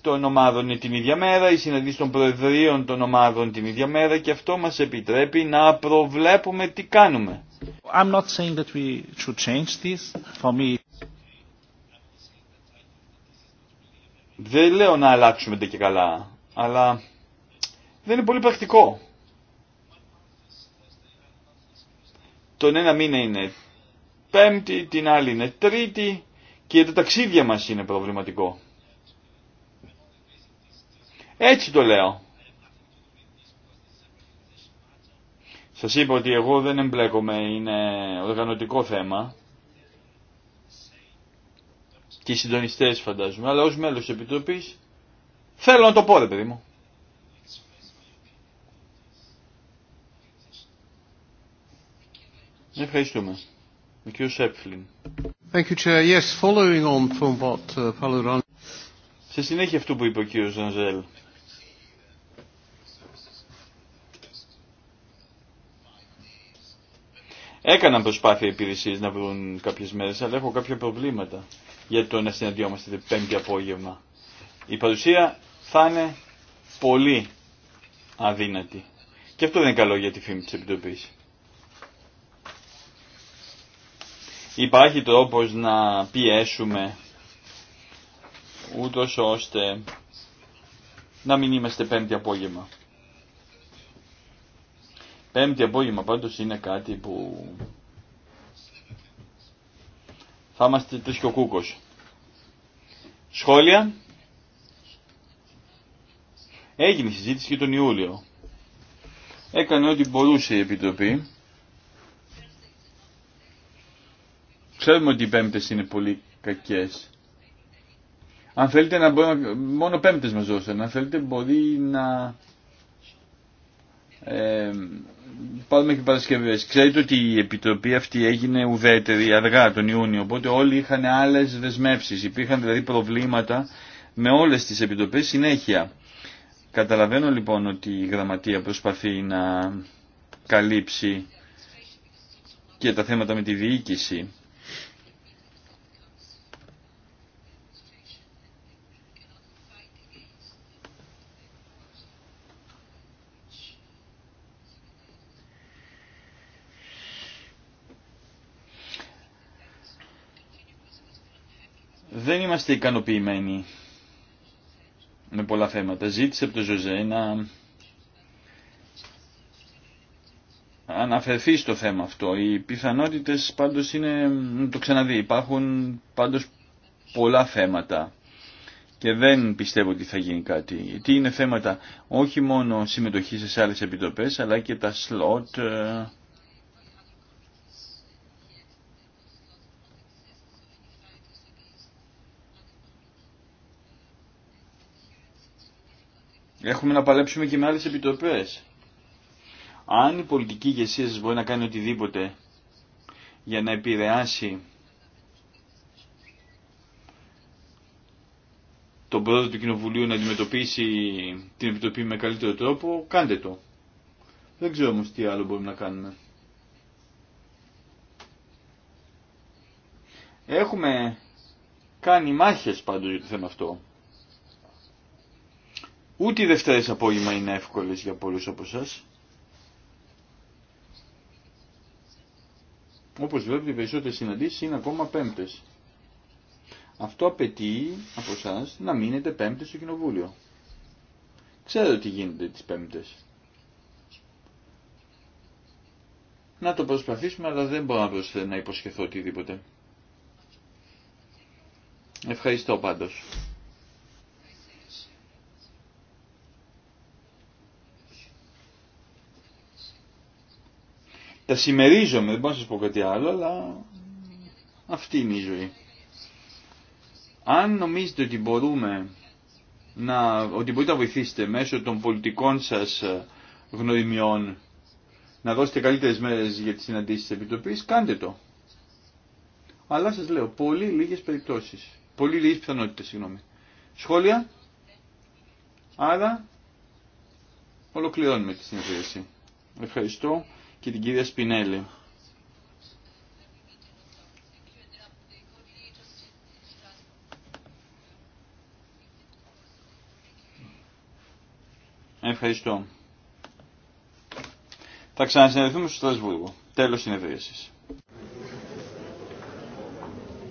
των ομάδων είναι την ίδια μέρα, οι συναντήσεις των προεδρίων των ομάδων την ίδια μέρα και αυτό μας επιτρέπει να προβλέπουμε τι κάνουμε. I'm not saying that we should change this. For me... Δεν λέω να αλλάξουμε τα και καλά, αλλά δεν είναι πολύ πρακτικό. Τον ένα μήνα είναι πέμπτη, την άλλη είναι τρίτη και τα ταξίδια μας είναι προβληματικό. Έτσι το λέω. Σας είπα ότι εγώ δεν εμπλέκομαι, είναι οργανωτικό θέμα και οι συντονιστέ φαντάζομαι, αλλά ω μέλο τη επιτροπή, θέλω να το πω ρε παιδί μου. Ευχαριστούμε. Ο κ. Σέπφλιν. Uh, Σε συνέχεια αυτού που είπε ο κ. Ζανζέλ Έκαναν προσπάθεια οι υπηρεσίε να βρουν κάποιε μέρε, αλλά έχω κάποια προβλήματα για το να συναντιόμαστε πέμπτη απόγευμα. Η παρουσία θα είναι πολύ αδύνατη. Και αυτό δεν είναι καλό για τη φήμη τη Επιτροπή. Υπάρχει τρόπο να πιέσουμε ούτως ώστε να μην είμαστε πέμπτη απόγευμα. Πέμπτη απόγευμα πάντως είναι κάτι που θα είμαστε τρει και κούκος. Σχόλια. Έγινε η συζήτηση και τον Ιούλιο. Έκανε ό,τι μπορούσε η Επιτροπή. Ξέρουμε ότι οι πέμπτες είναι πολύ κακές. Αν θέλετε να μπορεί, μόνο πέμπτες μας δώσανε. Αν θέλετε μπορεί να ε, Πάμε και Παρασκευές. Ξέρετε ότι η επιτροπή αυτή έγινε ουδέτερη αργά τον Ιούνιο, οπότε όλοι είχαν άλλες δεσμεύσει. Υπήρχαν δηλαδή προβλήματα με όλες τις επιτροπέ συνέχεια. Καταλαβαίνω λοιπόν ότι η γραμματεία προσπαθεί να καλύψει και τα θέματα με τη διοίκηση είμαστε ικανοποιημένοι με πολλά θέματα. Ζήτησε από τον Ζωζέ να αναφερθεί στο θέμα αυτό. Οι πιθανότητες πάντως είναι, το ξαναδεί, υπάρχουν πάντως πολλά θέματα και δεν πιστεύω ότι θα γίνει κάτι. Τι είναι θέματα όχι μόνο συμμετοχή σε άλλες επιτροπές αλλά και τα σλότ, ε, Έχουμε να παλέψουμε και με άλλες επιτροπές. Αν η πολιτική ηγεσία σας μπορεί να κάνει οτιδήποτε για να επηρεάσει τον πρόεδρο του Κοινοβουλίου να αντιμετωπίσει την Επιτροπή με καλύτερο τρόπο, κάντε το. Δεν ξέρω όμως τι άλλο μπορούμε να κάνουμε. Έχουμε κάνει μάχες πάντως για το θέμα αυτό. Ούτε οι Δευτέρες απόγευμα είναι εύκολες για πολλούς από εσά. Όπως βλέπετε οι περισσότερες συναντήσεις είναι ακόμα πέμπτες. Αυτό απαιτεί από εσά να μείνετε πέμπτες στο κοινοβούλιο. Ξέρω τι γίνεται τις πέμπτες. Να το προσπαθήσουμε, αλλά δεν μπορώ να υποσχεθώ οτιδήποτε. Ευχαριστώ πάντως. τα συμμερίζομαι, δεν μπορώ να σας πω κάτι άλλο, αλλά αυτή είναι η ζωή. Αν νομίζετε ότι μπορούμε να, ότι μπορείτε να βοηθήσετε μέσω των πολιτικών σας ε, γνωριμιών να δώσετε καλύτερες μέρες για τις συναντήσεις της Επιτροπής, κάντε το. Αλλά σας λέω, πολύ λίγες περιπτώσεις, πολύ λίγες πιθανότητες, συγγνώμη. Σχόλια, άρα ολοκληρώνουμε τη συνεδρίαση. Ευχαριστώ και την κυρία Σπινέλη. Ευχαριστώ. Θα ξανασυνεδριθούμε στο Στρασβούργο. Τέλος συνεδρίασης.